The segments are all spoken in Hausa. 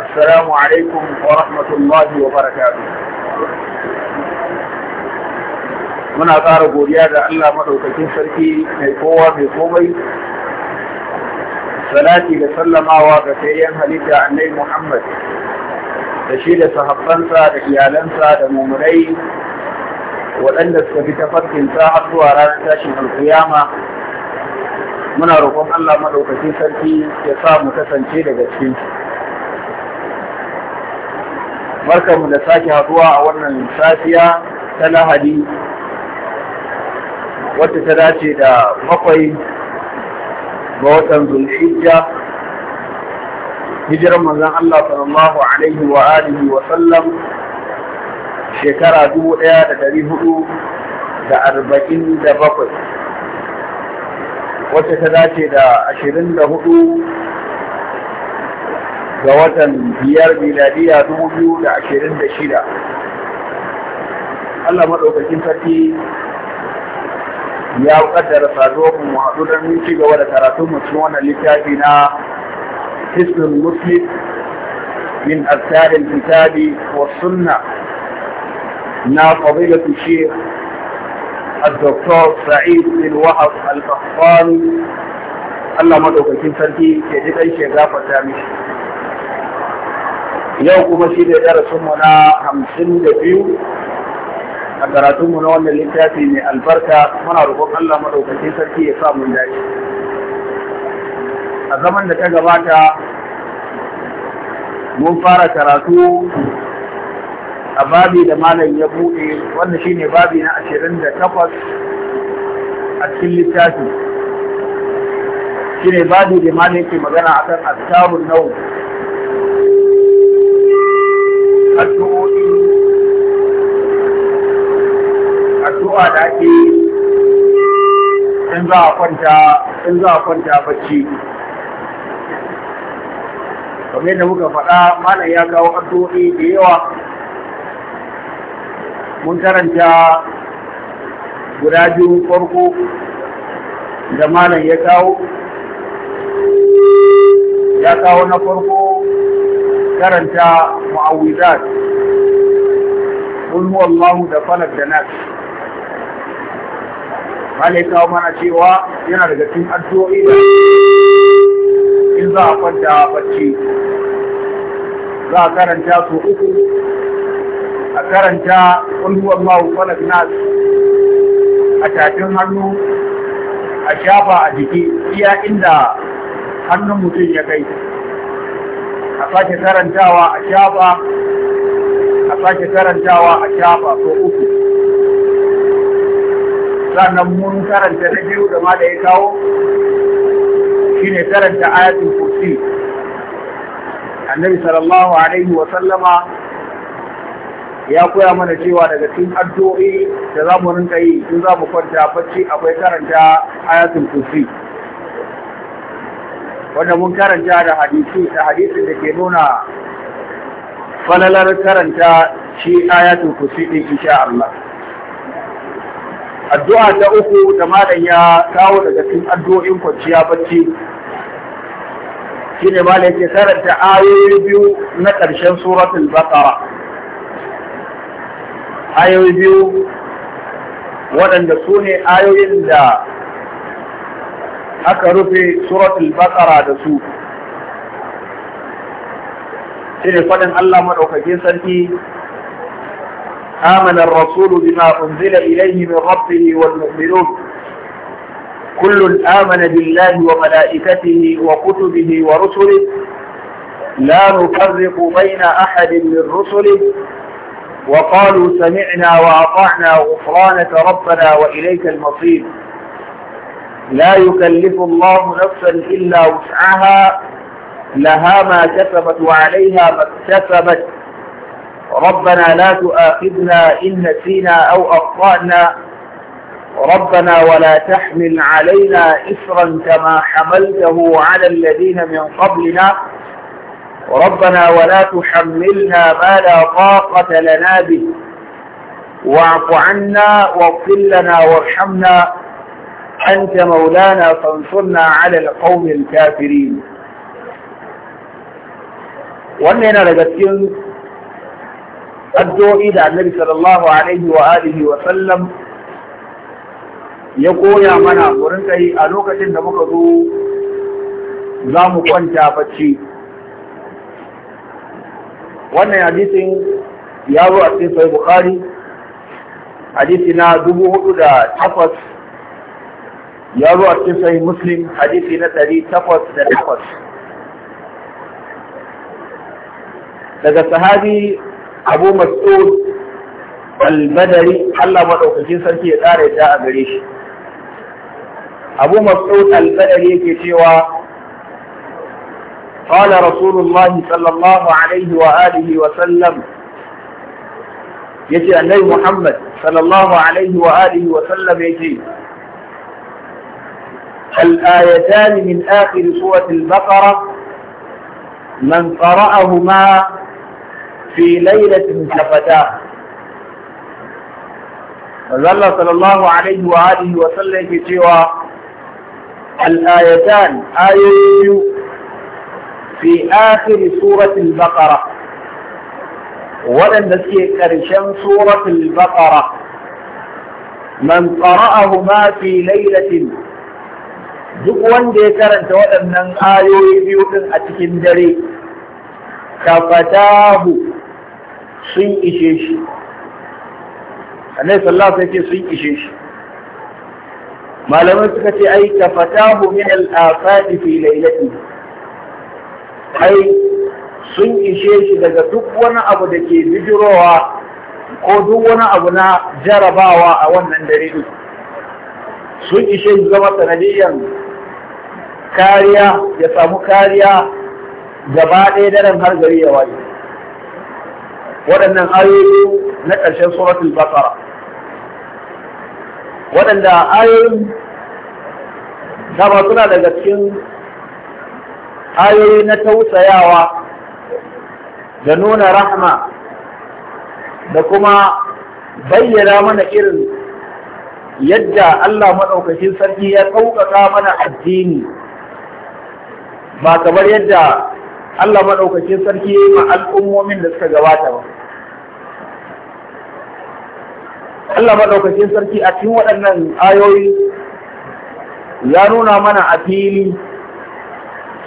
السلام عليكم ورحمة الله وبركاته muna ƙara godiya da Allah maɗaukakin sarki mai kowa mai komai salati da sallamawa ga sayyan halitta annai Muhammad da shi da sahabbansa da iyalansa da mumurai waɗanda suka fi tafarkinsa har zuwa ranar tashin alkiyama muna roƙon Allah maɗaukacin sarki ya sa mu kasance daga cikin mu da sake haduwa a wannan safiya ta lahadi wata ta dace da bakwai ga watan zulhijja hijirar manzon Allah sallallahu alaihi wa alihi wa sallam shekara dubu ɗaya da ɗari hudu da arba'in da bakwai wata ta dace da ashirin da hudu ga watan biyar miladiya dubu biyu da ashirin da shida Allah maɗaukakin sarki ya kaddara saduwar mu haɗu don mun ci gaba da karatun mu cikin wannan littafi na Hisnul Muslim min Azkaril Kitabi wa Sunna na Fadilatu Sheikh الدكتور سعيد بن وهب القحطاني Allah madaukakin sarki ke ji ɗan shiga fata mishi yau kuma shi ne darasinmu na hamsin da biyu a karatunmu na wannan littafi mai albarka muna roƙon Allah maɗaukacin sarki ya sa mun dace. A zaman da ta gabata mun fara karatu a babi da malam ya buɗe wanda shi ne babi na ashirin da takwas a cikin littafi. Shi ne babi da malam ke magana akan astabun nau. addu'o'i addu'a da ake in za a kwanta in za a kwanta bacci kamar yadda muka faɗa malam ya kawo addu'o'i da yawa mun karanta guda biyu farko da malam ya kawo ya kawo na farko karanta mu'awwidat qul huwallahu da falak da nas kawo mana cewa yana daga cikin addu'o'i da in za a kwanta bacci za a karanta su uku a karanta qul huwallahu falak nas a tafin hannu a shafa a jiki iya inda hannun mutum ya kai a sake karantawa a shafa a sake karantawa a shafa ko uku sannan mun karanta na biyu da ma da ya kawo Shi shine karanta ayatul kursi annabi sallallahu alaihi wa sallama ya koya mana cewa daga cikin addu'o'i da za mu rinka yi in za mu kwanta bacci akwai karanta ayatul kursi wanda mun karanta da hadisi da hadisin da ke nuna falalar karanta shi ayatul kursi din insha Allah addu'a ta uku da malam ya kawo daga cikin addu'o'in kwanciya bacci shine malam yake karanta ayoyi biyu na ƙarshen suratul baqara ayoyi biyu waɗanda sune ne ayoyin da haka rufe suratul baqara da su shine fadin Allah madaukakin sarki آمن الرسول بما أنزل إليه من ربه والمؤمنون كل آمن بالله وملائكته وكتبه ورسله لا نفرق بين أحد من رسله وقالوا سمعنا وأطعنا غفرانك ربنا وإليك المصير لا يكلف الله نفسا إلا وسعها لها ما كسبت وعليها ما اكتسبت ربنا لا تؤاخذنا إن نسينا أو أخطأنا ربنا ولا تحمل علينا إسرا كما حملته على الذين من قبلنا ربنا ولا تحملنا ما لا طاقة لنا به واعف عنا واغفر لنا وارحمنا أنت مولانا فانصرنا على القوم الكافرين wannan yana daga cikin addu'o'i da annabi sallallahu alaihi wa wa sallam ya koya mana wurin kai a lokacin da muka zo za mu kwanta bacci wannan hadisin ya zo a cikin sahih bukhari hadisi na dubu hudu da takwas ya zo a cikin sahih muslim hadisi na ɗari takwas da takwas daga sahabi abu mas'ud al-badari Allah madaukakin sarki ya tsara yadda a gare shi abu mas'ud al-badari yake cewa قال رسول الله صلى الله عليه وآله وسلم يجي النبي محمد صلى الله عليه وآله وسلم يجي الآيتان من آخر سورة البقرة من قرأهما في ليلة كفتاه وظل صلى الله عليه وآله وسلم سوى الآيتان آية في آخر سورة البقرة ولن نسي كرشان سورة البقرة من قرأهما في ليلة duk wanda ya karanta waɗannan ayoyi biyu ɗin a cikin dare kafatahu sun ishe shi annabi sallah sai ce sun ishe shi malamai suka ce ai kafatahu min al fi laylati ai sun ishe shi daga duk wani abu da ke bijirowa ko duk wani abu na jarabawa a wannan dare duk. sun ishe zama sanadiyyar kariya ya samu kariya gaba ɗaya daren har gari ya waje waɗannan ayoyi na ƙarshen suratul basara waɗanda ayoyin dama suna daga cikin ayoyi na tausayawa da nuna rahma da kuma bayyana mana irin yadda Allah maɗaukakin sarki ya ɗaukaka mana addini ba kamar yadda Allah maɗaukakin sarki ya yi ma al'ummomin da suka gabata ba. Allah maɗaukakin sarki a cikin waɗannan ayoyi ya nuna mana a fili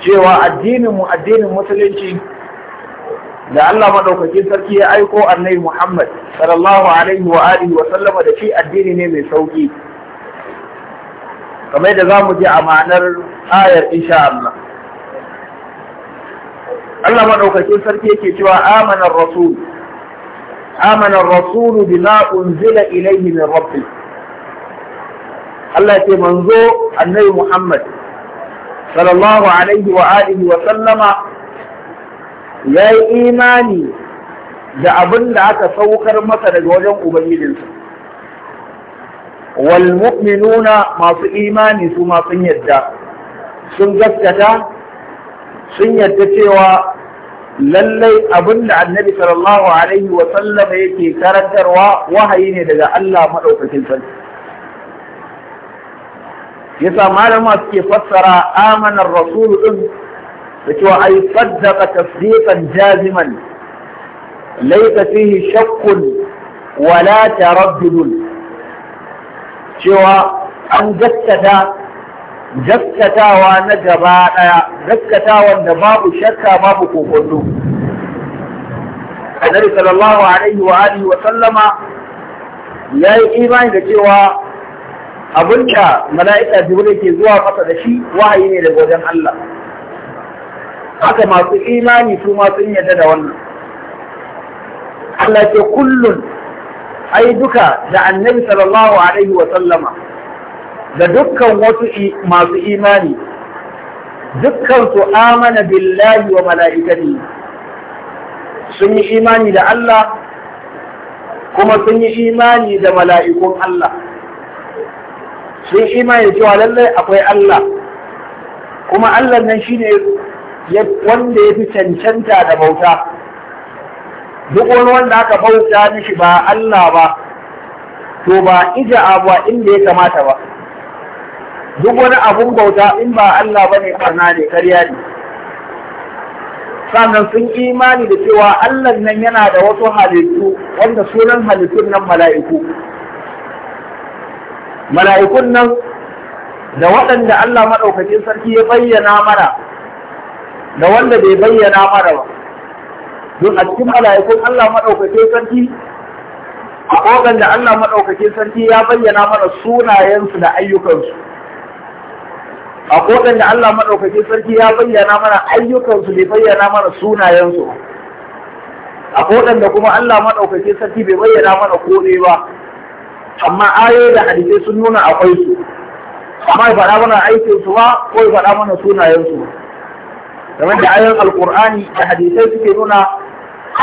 cewa addininmu addinin musulunci da Allah madaukakin sarki ya aiko annabi Muhammad sallallahu alaihi wa alihi wa sallama da shi addini ne mai sauki kamar da zamu ji amanar ayar insha Allah Allah madaukakin sarki yake cewa amanar rasul amanar rasulu bima unzila ilayhi min rabbih Allah ce manzo annabi Muhammad sallallahu alaihi wa alihi wa sallama ya yi imani da abin da aka saukar masa daga wajen ubangijinsa walmuminuna masu imani su ma sun yadda sun gaskata sun yadda cewa lallai abin da annabi sallallahu alaihi wa sallam yake karantarwa wahayi ne daga Allah madaukakin sarki yasa malama suke fassara amanar rasulu din da cewa ai saddaqa tasdiqan jaziman laysa fihi shakkun wala taraddudun cewa an gaskata gaskatawa na gaba daya gaskatawan da babu shakka babu kokonto annabi sallallahu alaihi wa alihi wa sallama yayi imani da cewa abinda mala'ika jibril ke zuwa masa da shi wahayi ne daga wajen Allah haka masu imani su ma sun yadda da wannan Allah ke kullun ai duka da annabi sallallahu alaihi wa sallama da dukkan wasu masu imani dukkan su amana billahi wa mala'ikati sun yi imani da Allah kuma sun yi imani da mala'ikun Allah sun imani cewa lallai akwai Allah kuma Allah nan shi shine wanda ya fi cancanta da bauta duk wani wanda aka bauta mishi ba Allah ba to ba ija abuwa inda ya kamata ba duk wani abun bauta in ba Allah ba ne karna ne karya ne sannan sun imani da cewa Allah nan yana da wasu halittu wanda sunan halittun nan mala'iku mala'ikun nan da waɗanda Allah maɗaukacin sarki ya bayyana mana da wanda bai bayyana mana ba don a cikin mala'ikun Allah maɗaukake sarki a ƙoƙon da Allah maɗaukake sarki ya bayyana mana sunayensu da ayyukansu a ƙoƙon da Allah maɗaukake sarki ya bayyana mana ayyukansu bai bayyana mana sunayensu a ƙoƙon da kuma Allah maɗaukake sarki bai bayyana mana kome ba amma ayoyi da hadisai sun nuna akwai su amma ya faɗa mana aikinsu ba ko ya faɗa mana sunayensu ba kamar da ayoyin alkur'ani da hadisai suke nuna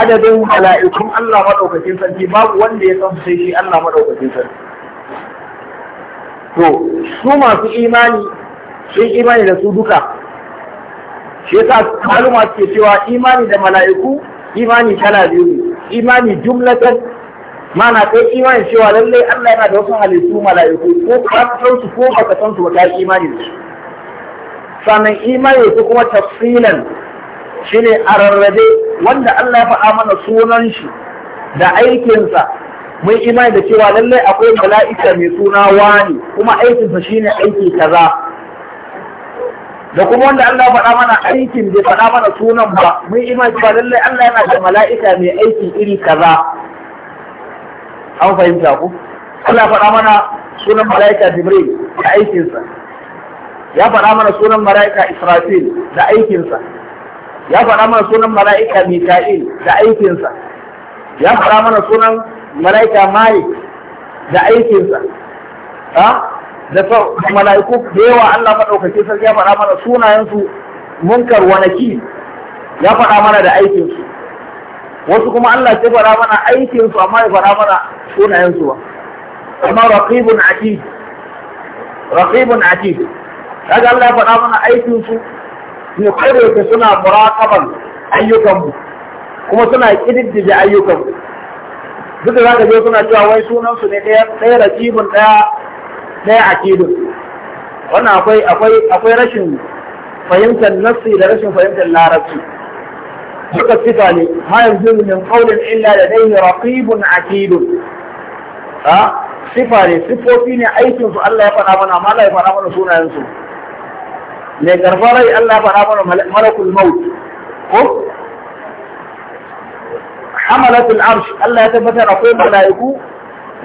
adadin mala'ikun Allah madaukakin sarki babu wanda ya san sai shi Allah madaukakin sarki to su masu imani sun imani da su duka shi yasa maluma suke cewa imani da mala'iku imani kala biyu ne imani jumlatan mana kai imani cewa lallai Allah yana da wasu halittu mala'iku ko ka san su ko baka san su ba ka imani da su sannan imani ko kuma tafsilan ne a rarrabe wanda Allah ya faɗa mana sunan shi da aikinsa mun imani da cewa lallai akwai mala'ika mai suna wani kuma aikinsa shi ne aiki kaza da kuma wanda Allah faɗa mana aikin bai faɗa mana sunan ba mun imani cewa lallai Allah yana da mala'ika mai aikin iri kaza an fahimta ku Allah faɗa mana sunan mala'ika Jibril da aikinsa ya faɗa mana sunan mala'ika Israfil da aikinsa ya faɗa mana sunan mala'ika Mika'il da aikinsa ya faɗa mana sunan mala'ika Malik da aikinsa ha da mala'iku da yawa Allah maɗaukaki sarki ya faɗa mana sunayensu munkar wa nakir ya faɗa mana da aikinsu wasu kuma Allah sai faɗa mana aikinsu amma ya faɗa mana sunayensu ba amma raqibun atid raqibun atid kaga Allah ya faɗa mana aikin su ne kodayake suna muraqaban ayyukan mu kuma suna kididdige ayyukan mu duk da zaka je suna cewa wai sunan su ne ɗaya ɗaya rakibun ɗaya ɗaya akidun wannan akwai akwai akwai rashin fahimtar nassi da rashin fahimtar larabci duka sifa ne ma yanzu min qawlin illa ladayhi raqibun akidun ha sifa ne sifofi ne aikin su Allah ya faɗa mana amma Allah ya faɗa mana sunayen su mai karɓar rai Allah fara mana malakul maut ko hamalatul arsh Allah ya tabbatar akwai mala'iku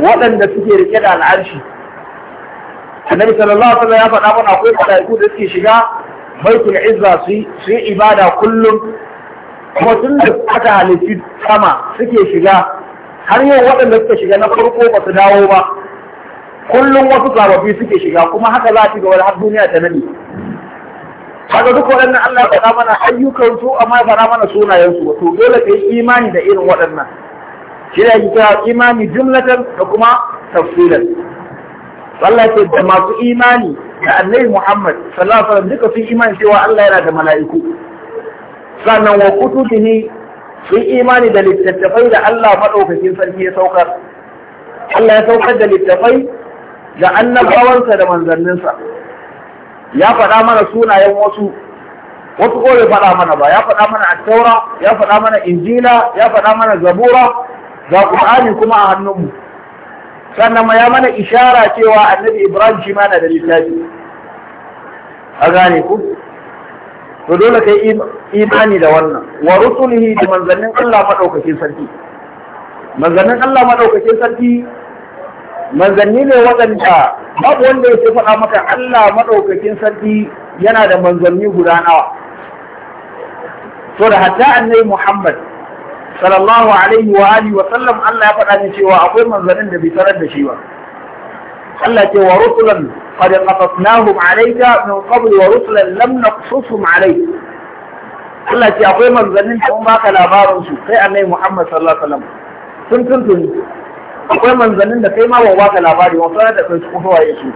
waɗanda suke rike da al'arshi annabi sallallahu alaihi wasallam ya faɗa mana akwai mala'iku da suke shiga baitul izza su yi ibada kullum kuma tun da aka halitti sama suke shiga har yau waɗanda suka shiga na farko ba su dawo ba kullum wasu sababbi suke shiga kuma haka za ta ga wani har duniya ta nadi kaga duk waɗannan Allah ya faɗa mana ayyukan su amma ya mana sunayen su to dole ka yi imani da irin waɗannan shi ne ake imani jumlatan da kuma tafsilan Allah ce da masu imani da Annabi Muhammad sallallahu alaihi wasallam duka sun imani cewa Allah yana da mala'iku sannan wa kutubihi sun imani da littattafai da Allah madaukakin sarki ya saukar Allah ya saukar da littattafai da annabawansa da manzanninsa ya faɗa mana sunayen wasu wasu ko bai faɗa mana ba ya faɗa mana attaura ya faɗa mana injila ya faɗa mana zabura ga qur'ani kuma a hannunmu sannan ma ya mana ishara cewa annabi ibrahim shi ma na da littafi a gane ku to dole kai imani da wannan wa rusulihi da manzannin Allah maɗaukakin sarki manzannin Allah maɗaukakin sarki manzanni ne waɗanda babu wanda ya faɗa maka Allah maɗaukakin sarki yana da manzanni guda nawa to da hatta annabi Muhammad sallallahu alaihi wa alihi wa sallam Allah ya faɗa ne cewa akwai manzannin da bai tarar da shi ba Allah ce wa rusulan qad qasasnahum alayka min qabl wa rusulan lam naqsusum alayk Allah ce akwai manzannin da mun baka labarin su sai annabi Muhammad sallallahu alaihi wa sallam sun tuntuni akwai manzannin da kai ma ba baka labari wasu da sun su kufa waye su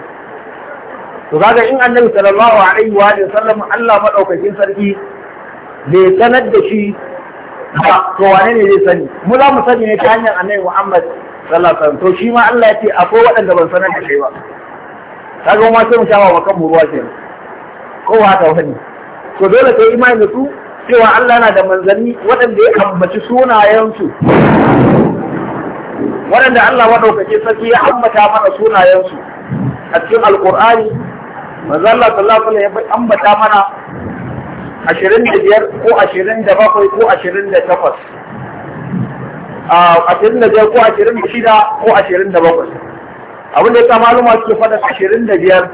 to kaga in annabi sallallahu alaihi wa sallam Allah madaukakin sarki bai sanar da shi ba to wane ne zai sani mu za mu sani ne ta hanyar annabi Muhammad sallallahu alaihi to shi ma Allah ya ce akwai waɗanda ban sanar da kai ba kaga ma sai mu shawa wa kan mu ruwa kenan ko wani to dole kai imani da su cewa Allah na da manzanni waɗanda ya ambaci sunayensu waɗanda Allah maɗaukaki sarki ya ambata mana sunayensu a cikin alƙur'ani manzo Allah sallallahu alaihi ya ambata mana 25 ko 27 ko 28 a 25 ko 26 ko 27 abin da ya maluma ke faɗa 25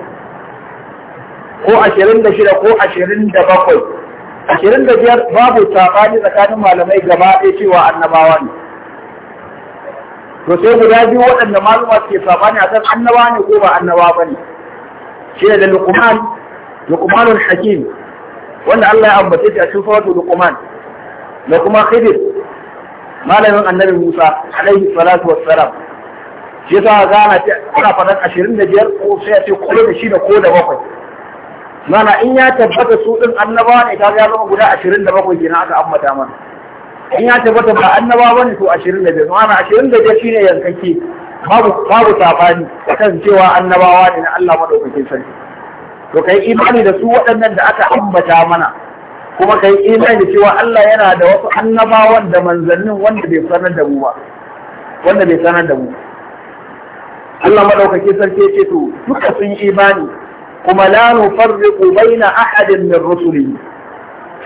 ko 26 ko 27 25 babu sabani tsakanin malamai gaba ɗaya cewa annabawa ne to sai guda biyu waɗanda maluma ke sabani akan annaba ne ko ba annaba ba ne. shi ne da luqman luqmanul hakim wanda Allah ya ambace shi a cikin suratul luqman da kuma khidir malamin annabi Musa alaihi salatu wassalam shi yasa ga ana ce ana da biyar ko sai a ce kullu da shi da ko da bakwai mana in ya tabbata su ɗin annabawa ne kaga ya zama guda 27 kenan aka ambata mana in ya tabbata ba annaba bane to 25 ma'ana 25 shine yankake babu babu safani kan cewa annabawa ne na Allah madaukakin sarki to kai imani da su waɗannan da aka ambata mana kuma kai imani cewa Allah yana da wasu annabawan da manzannin wanda bai sanar da mu ba wanda bai sanar da mu Allah madaukakin sarki ya ce to duka sun imani kuma la nufarriqu baina ahadin min rusulihi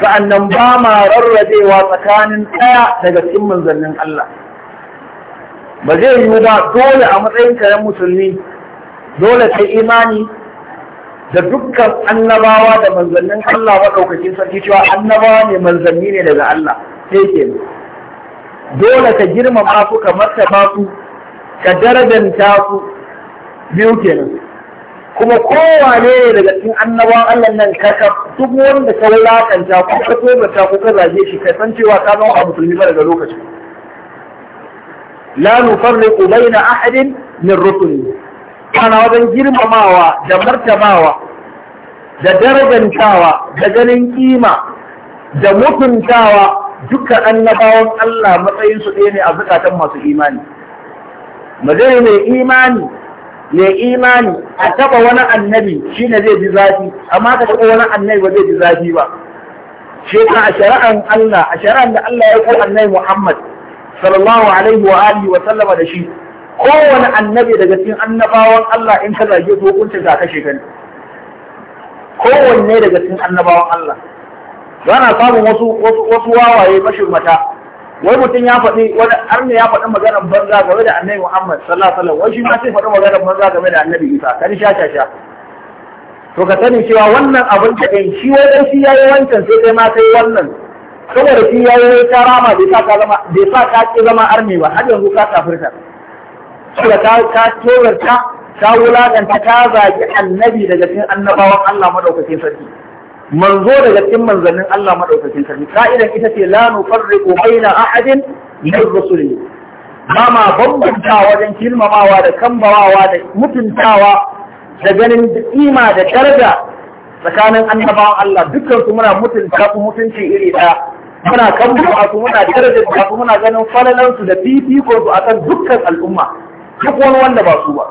sa'annan ba ma rarrabewa tsakanin ɗaya daga cikin manzannin Allah ba zai yiwu ba dole a matsayin kayan musulmi dole kai imani da dukkan annabawa da manzannin Allah maɗaukacin sarki cewa annabawa ne manzanni ne daga Allah sai ke dole ka girmama su ka martaba su ka darajanta su biyu kenan kuma kowane ne daga cikin annabawan Allah nan kaka duk wanda ka wulakanta ko ka ko ka zage shi ka san cewa ka zama a musulmi ba daga lokaci la nufarriqu baina ahadin min rusuli kana wajen girmamawa da martabawa da darajantawa da ganin kima da mutuntawa duka annabawan Allah matsayin su ɗaya ne a zukatan masu imani. Mazai mai imani Mai imani a taɓa wani annabi shi ne zai ji zafi amma ka taɓa wani annabi ba zai ji zafi ba shi ka a shari'an Allah a shari'an da Allah ya ko annabi Muhammad sallallahu alaihi wa alihi wa sallama da shi kowane annabi daga cikin annabawan Allah in ka zage su hukuncin ka kashe ka ne kowanne daga cikin annabawan Allah yana samun wasu wasu wasu wawaye mashirmata wai mutum ya faɗi wani arna ya faɗi maganar banza game da annabi Muhammad sallallahu alaihi wasallam wai shi ma sai faɗi maganar banza game da annabi Isa kan sha sha sha to ka sani cewa wannan abin da ɗin shi wai dai shi yayi wancan sai kai ma kai wannan saboda shi ya yi ta rama bai sa ka zama bai sa ka ki zama arme ba har yanzu ka kafirta saboda ka ka tozarta ka wulakanta ka zagi annabi daga cikin annabawan Allah madaukakin sarki manzo daga cikin manzannin Allah madaukakin sarki ka'idan ita ce la nufarriqu baina ahadin min rusuli ba ma bambanta wajen kilmamawa da kambawawa da mutuntawa da ganin kima da daraja tsakanin annabawan Allah dukkan su muna mutunta su mutunci iri ɗaya muna kambawa su muna daraja su muna ganin falalansu da fifikon su akan dukkan al'umma duk wani wanda ba su ba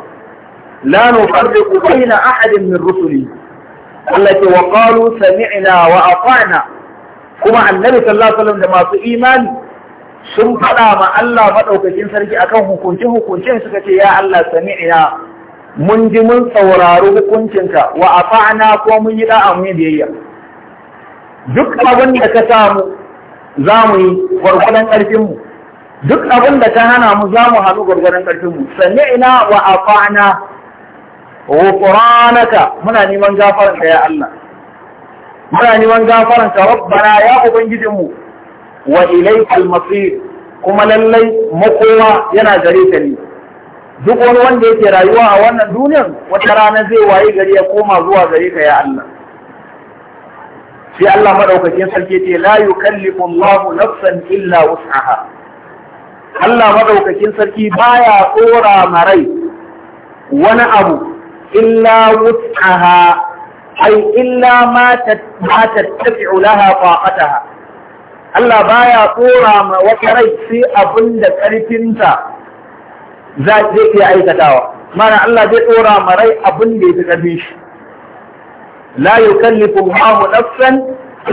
la nufarriqu baina ahadin min rusuli Allah ce wa qalu sami'na wa ata'na kuma annabi sallallahu alaihi wasallam da masu imani sun faɗa ma Allah madaukakin sarki akan hukunci hukuncin suka ce ya Allah sami'na mun ji mun saurari hukuncinka wa ata'na ko mun yi da'a mun biyayya duk abin da ka samu za mu yi gwargwadon ƙarfin mu duk abin da ka hana mu za mu hannu gwargwadon ƙarfin mu sami'na wa ata'na ghufranaka muna neman gafaranka ya Allah muna neman gafaranka rabbana ya ubangijinmu wa ilaykal masir kuma lallai makoma yana gare ka ne duk wani wanda yake rayuwa a wannan duniyar wata rana zai waye gari ya koma zuwa gare ka ya Allah sai Allah madaukakin sarki ce la yukallifu Allahu nafsan illa wus'aha Allah madaukakin sarki baya tsora marai wani abu illa wut'aha ai illa ma tattabi'u laha taqataha Allah baya tsora ma wata rai sai abin da ƙarfinta zai iya aikatawa mana Allah zai tsora ma rai abin da ya fi ƙarfin shi la yukallifu Allahu nafsan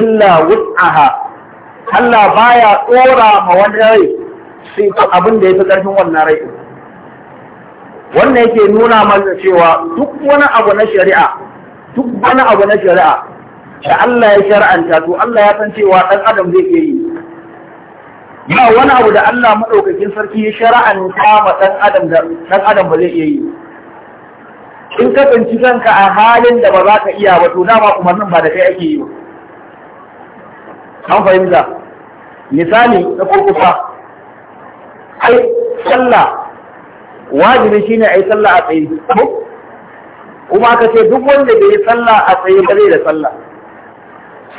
illa wus'aha Allah baya tsora ma wani rai sai abin da ya fi ƙarfin wannan rai wannan yake nuna mana cewa duk wani abu na shari'a duk wani abu na shari'a da Allah ya shar'anta to Allah ya san cewa dan adam zai iya yi ba wani abu da Allah madaukakin sarki ya shar'anta ma dan adam da dan adam ba zai iya yi in ka tsinci kanka a halin da ba za ka iya ba to dama umarnin ba da kai ake yi ba an fahimta misali na kurkusa ai sallah wajibi a yi sallah a tsaye kuma aka ce duk wanda bai yi sallah a tsaye ba zai da sallah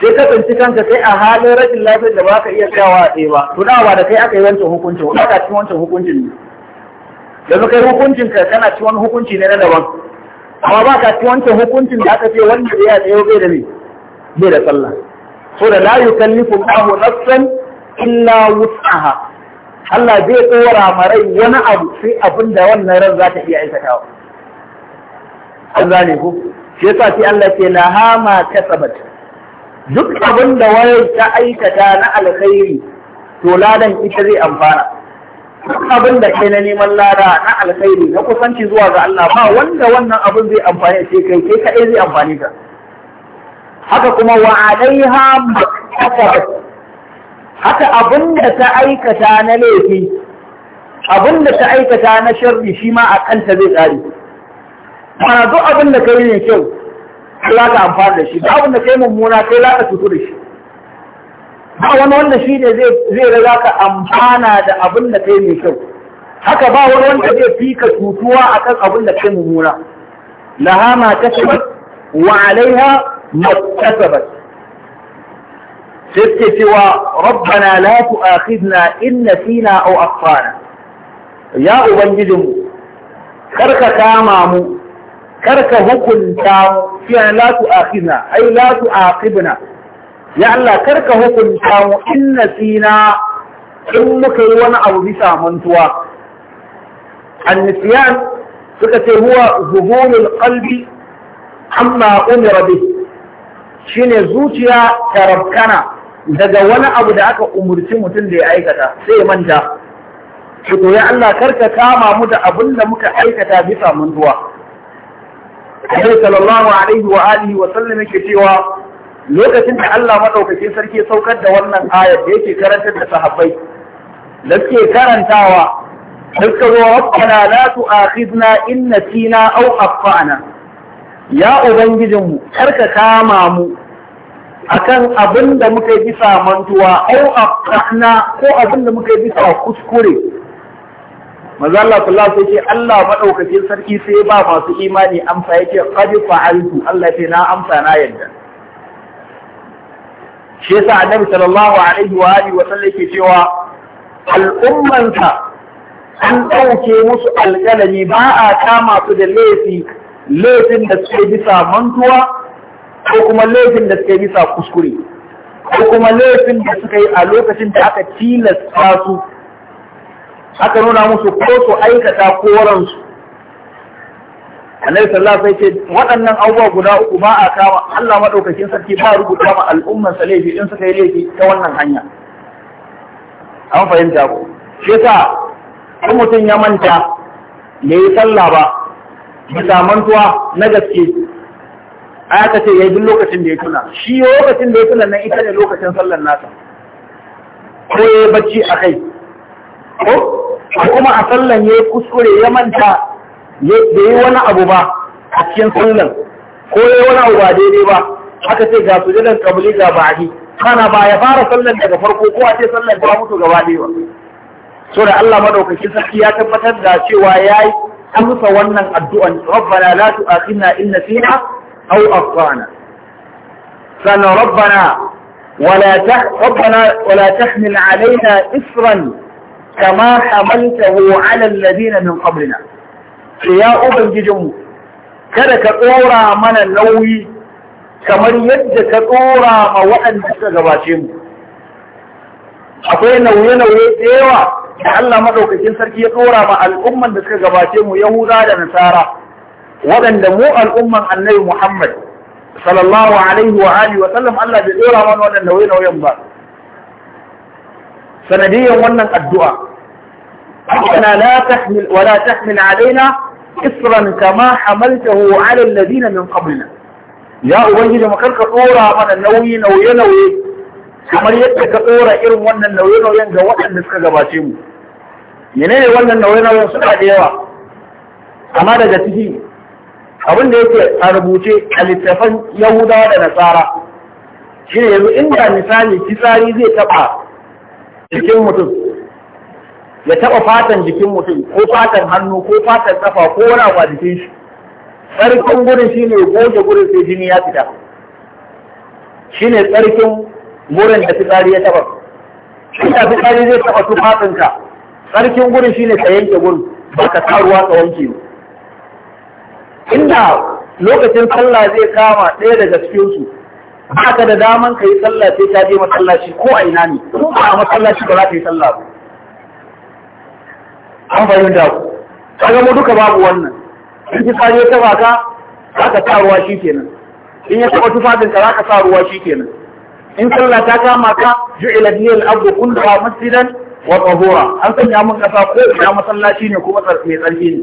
sai ka tsinci kanka sai a halin rashin lafiyar da ba ka iya tsayawa a tsaye ba to da ba da kai aka yi wancan hukuncin ko aka ci wancan hukuncin ne yanzu kai hukuncin ka kana ci wani hukunci ne na daban amma ba ka ci wancan hukuncin da aka ce wanda bai ya tsaye bai da me bai da sallah so da la yukallifu Allahu nafsan illa wus'aha Allah zai tsora marai rai wani abu sai abin da wannan ran za ta iya aikatawa an zane ku shi yasa sai Allah ke hama ma kasabat duk abin da wani ta aikata na alkhairi to ladan ita zai amfana duk abin da kai na neman lada na alkhairi na kusanci zuwa ga Allah ba wanda wannan abin zai amfani sai kai kai kaɗai zai amfani ka haka kuma wa alaiha makasabat haka abin da ta aikata na laifi abin da ta aikata na sharri shi ma a kanta zai tsari mana duk abin da kai ne kyau za ka amfani da shi duk abin da kai mummuna kai za ka tutu da shi ba wani wanda shi ne zai raga ka amfana da abin da kai mai kyau haka ba wani wanda zai fi ka tutuwa kan abin da kai mummuna laha ma kasabat wa alaiha ma kasabat sai cewa rabbana la tu'akhidna in nasina aw akhtana ya Kar ka kama mu kar ka hukunta mu fi la tu'akhidna ai la tu'aqibna ya Allah ka hukunta mu in nasina in muka yi wani abu bisa mantuwa annisiyan suka ce huwa zuhurul qalbi amma umira bih shine zuciya ta daga wani abu da aka umurci mutum da ya aikata sai manta ki koyi Allah karka kama mu da abin da muka aikata bisa munduwa Annabi sallallahu alaihi wa alihi wa sallam yake cewa lokacin da Allah madaukakin sarki saukar da wannan ayar da yake karantar da sahabbai da suke karantawa suka zo rabbana la tu'akhidna in nasina aw akhtana ya ubangijinmu karka kama mu akan abin da muka yi bisa mantuwa au afkana ko abin da muka yi bisa kuskure manzo Allah sallallahu alaihi wasallam Allah madaukakin sarki sai ba masu imani amsa yake qad fa'altu Allah sai na amsa na yadda shi yasa annabi sallallahu alaihi wa alihi wa sallam yake cewa al'ummanta an ɗauke musu alƙalami ba a kama su da laifi laifin da suke bisa mantuwa ko kuma laifin da suka yi bisa kuskure ko kuma laifin da suka yi a lokacin da aka tilasta su aka nuna musu ko su aikata koransu annabi sallallahu alaihi wasallam ce waɗannan abubuwa guda uku ba a kama Allah madaukakin sarki ba rubuta ma al'umman salafi in suka yi laifi ta wannan hanya an fahimta ko shi yasa in mutum ya manta ya yi sallah ba bisa mantuwa na gaske aka ce yayi duk lokacin da ya tuna shi lokacin da ya tuna nan ita ne lokacin sallar nasa ko ya bacci a kai ko kuma a sallan ya kuskure ya manta da yi wani abu ba a cikin sallan ko ya wani abu ba daidai ba aka ce ga sujudan kabuli ga ba'adi kana ba ya fara sallan daga farko ko a ce sallan ta mutu gaba daya so da Allah madaukakin sarki ya tabbatar da cewa yayi amsa wannan addu'an rabbana la tu'akhidna inna nasina au afana sannan rabbana ولا تح... ربنا ولا تحمل علينا إسرا كما حملته على الذين من قبلنا يا أبنججم kada ka tsora mana nauyi kamar yadda ka tsora ma waɗanda suka gabace mu akwai nauye-nauye da yawa da Allah maɗaukacin sarki ya tsora ma al'umman da suka gabace mu Yahuda da Nasara waɗanda mu al'umman annabi Muhammad sallallahu alaihi wa alihi wa sallam Allah bai dora mana wannan nauye-nauyen ba sanadiyan wannan addu'a ana ربنا لا تحمل ولا تحمل علينا إصرا كما حملته على الذين من قبلنا يا أبنجد ما كان dora mana nauyi nauye nauye kamar yadda ka dora irin wannan nauye-nauyen ga waɗanda suka gabace mu menene wannan nauye-nauyen suna da yawa amma daga cikin abinda da yake a rubuce a littafan yahudawa da nasara shi ne yanzu inda misali fitsari zai taɓa jikin mutum ya taba fatan jikin mutum ko fatan hannu ko fatan kafa ko wani abu a jikin shi tsarkin gurin shi ne goge gurin sai jini ya fita shi ne tsarkin gurin da fitsari ya shi inda fitsari zai taɓa tufafinka tsarkin gurin shi ne ka yanke gurin ba ka sa ruwa ka wanke ba inda lokacin sallah zai kama ɗaya daga cikinsu ba ka da daman ka yi sallah sai ta je masallaci ko a ina ne ko a masallaci ba za ka yi sallah ba an fahimta ku kaga mu duka babu wannan in ki sare ta baka za ka sa ruwa shi kenan. in ya taɓa tufafin ka za ka sa ruwa shi kenan. in sallah ta kama ka ju'ila diyal ardu kulluha masjidan wa tahura an sanya mun kasa ko ina masallaci ne kuma mai tsarki ne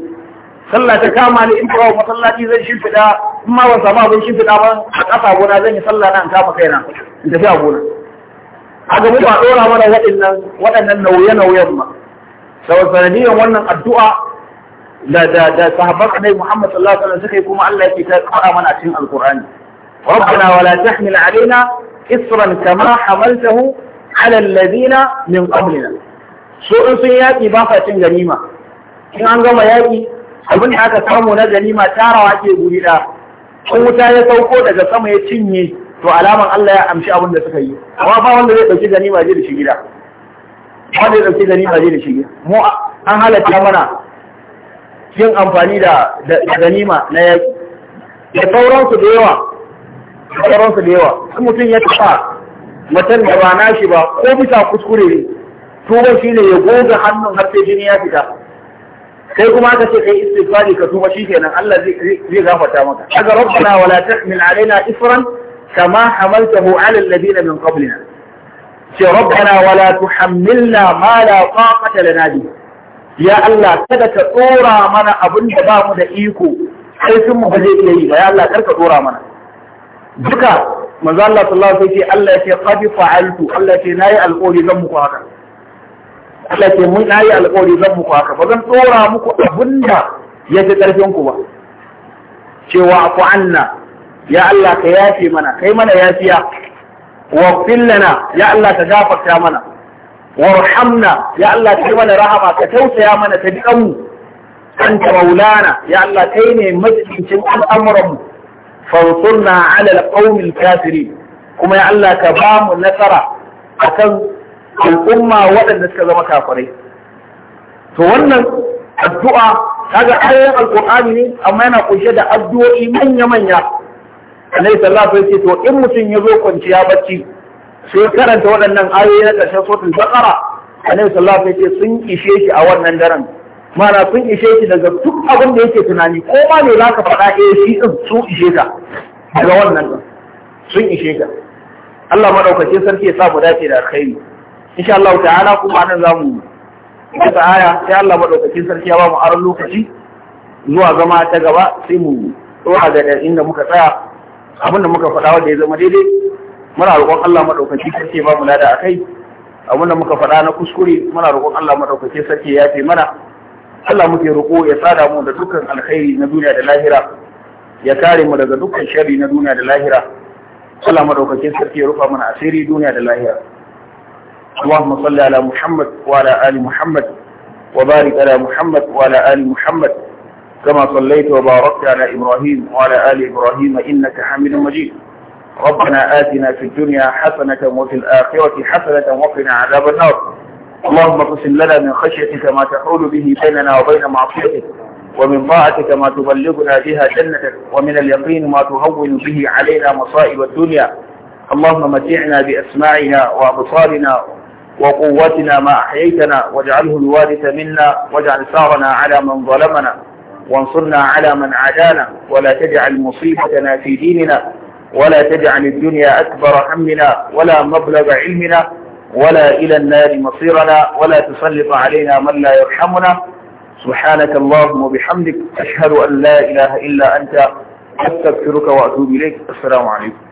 sallah ta kama ni in kawo masallaci zan shimfiɗa in ma ban samu abin shimfiɗa ba a ƙasa gona zan yi sallah na in kama kaina in tafi a gona a gaba ba ɗora mana waɗannan waɗannan nauye-nauyen ba Saboda sanadiyan wannan addu'a da da da sahabban annabi Muhammad sallallahu alaihi wasallam suka kuma Allah yake ta ƙara mana a cikin alqur'ani ربنا ولا تحمل علينا إصرا kama حملته على الذين min قبلنا su in sun yaƙi ba sa cin ganima in an gama yaƙi abin da aka samu na ganima tarawa ke guri da kun wuta ya sauko daga sama ya cinye to alaman Allah ya amshi abin da suka yi amma ba wanda zai dauki ganima je da shi gida wanda zai dauki ganima je da shi gida mu an halatta mana yin amfani da ganima na yaki da sauransu da yawa da sauransu da yawa in mutum ya taɓa mutum da ba nashi ba ko bisa kuskure ne tuba shi ne ya goga hannun har sai jini ya fita Sai kuma aka ce kai istighfari ka tuba shikenan Allah zai gafarta maka aga rabbana wala tahmil alaina isran kama hamaltahu ala alladhina min qablina ce rabbana wala tuhammilna ma la taqata lana bi ya Allah kada ka tsora mana abin da da iko sai sun mu ba zai ba ya Allah kar ka tsora mana duka manzo Allah sallallahu alaihi wasallam sai Allah ya ce qad fa'altu Allah ya ce nayi alƙawari zan muku haka Allah ce mun yi alƙawari zan muku haka ba zan tsora muku abin da ya fi ƙarfin ku ba cewa ku anna ya Allah ka yafe mana kai mana yafiya wa lana ya Allah ka gafarta mana warhamna ya Allah kai mana rahama ka tausaya mana ka diƙan mu anta maulana ya Allah kai ne majincin al'amuran mu fansurna ala alqawmil kafirin kuma ya Allah ka ba mu nasara akan al'umma waɗanda suka zama kafirai to wannan addu'a kaga ayoyin alqur'ani ne amma yana kunshe da addu'o'i manya manya annabi sallallahu alaihi wasallam to in mutum ya zo kwanciya bacci sai karanta waɗannan ayoyi na ƙarshen suratul baqara annabi sallallahu alaihi wasallam sun ishe shi a wannan daren mana sun ishe shi daga duk abin da yake tunani ko ma ne za ka faɗa eh shi din sun ishe ka daga wannan sun ishe ka Allah madaukakin sarki ya sa mu dace da alkhairi insha Allah ta'ala kuma nan zamu ta aya sai Allah madaukakin sarki ya ba mu aron lokaci zuwa zama ta gaba sai mu tsora ɗari inda muka tsaya abin da muka faɗa wanda ya zama daidai muna roƙon Allah madaukakin sarki ba mu lada akai abin da muka faɗa na kuskure muna roƙon Allah madaukakin sarki ya fi mana Allah muke roƙo ya sada mu da dukkan alkhairi na duniya da lahira ya kare mu daga dukkan sharri na duniya da lahira Allah madaukakin sarki ya rufa mana asiri duniya da lahira اللهم صل على محمد وعلى آل محمد وبارك على محمد وعلى آل محمد كما صليت وباركت على إبراهيم وعلى آل إبراهيم إنك حميد مجيد ربنا آتنا في الدنيا حسنة وفي الآخرة حسنة وقنا عذاب النار اللهم اقسم لنا من خشيتك ما تحول به بيننا وبين معصيتك ومن طاعتك ما تبلغنا بها جنتك ومن اليقين ما تهون به علينا مصائب الدنيا اللهم متعنا بأسماعنا وأبصارنا وقوتنا ما أحييتنا واجعله الوارث منا واجعل ثارنا على من ظلمنا وانصرنا على من عادانا ولا تجعل مصيبتنا في ديننا ولا تجعل الدنيا أكبر همنا ولا مبلغ علمنا ولا إلى النار مصيرنا ولا تسلط علينا من لا يرحمنا سبحانك اللهم وبحمدك أشهد أن لا إله إلا أنت أستغفرك وأتوب إليك السلام عليكم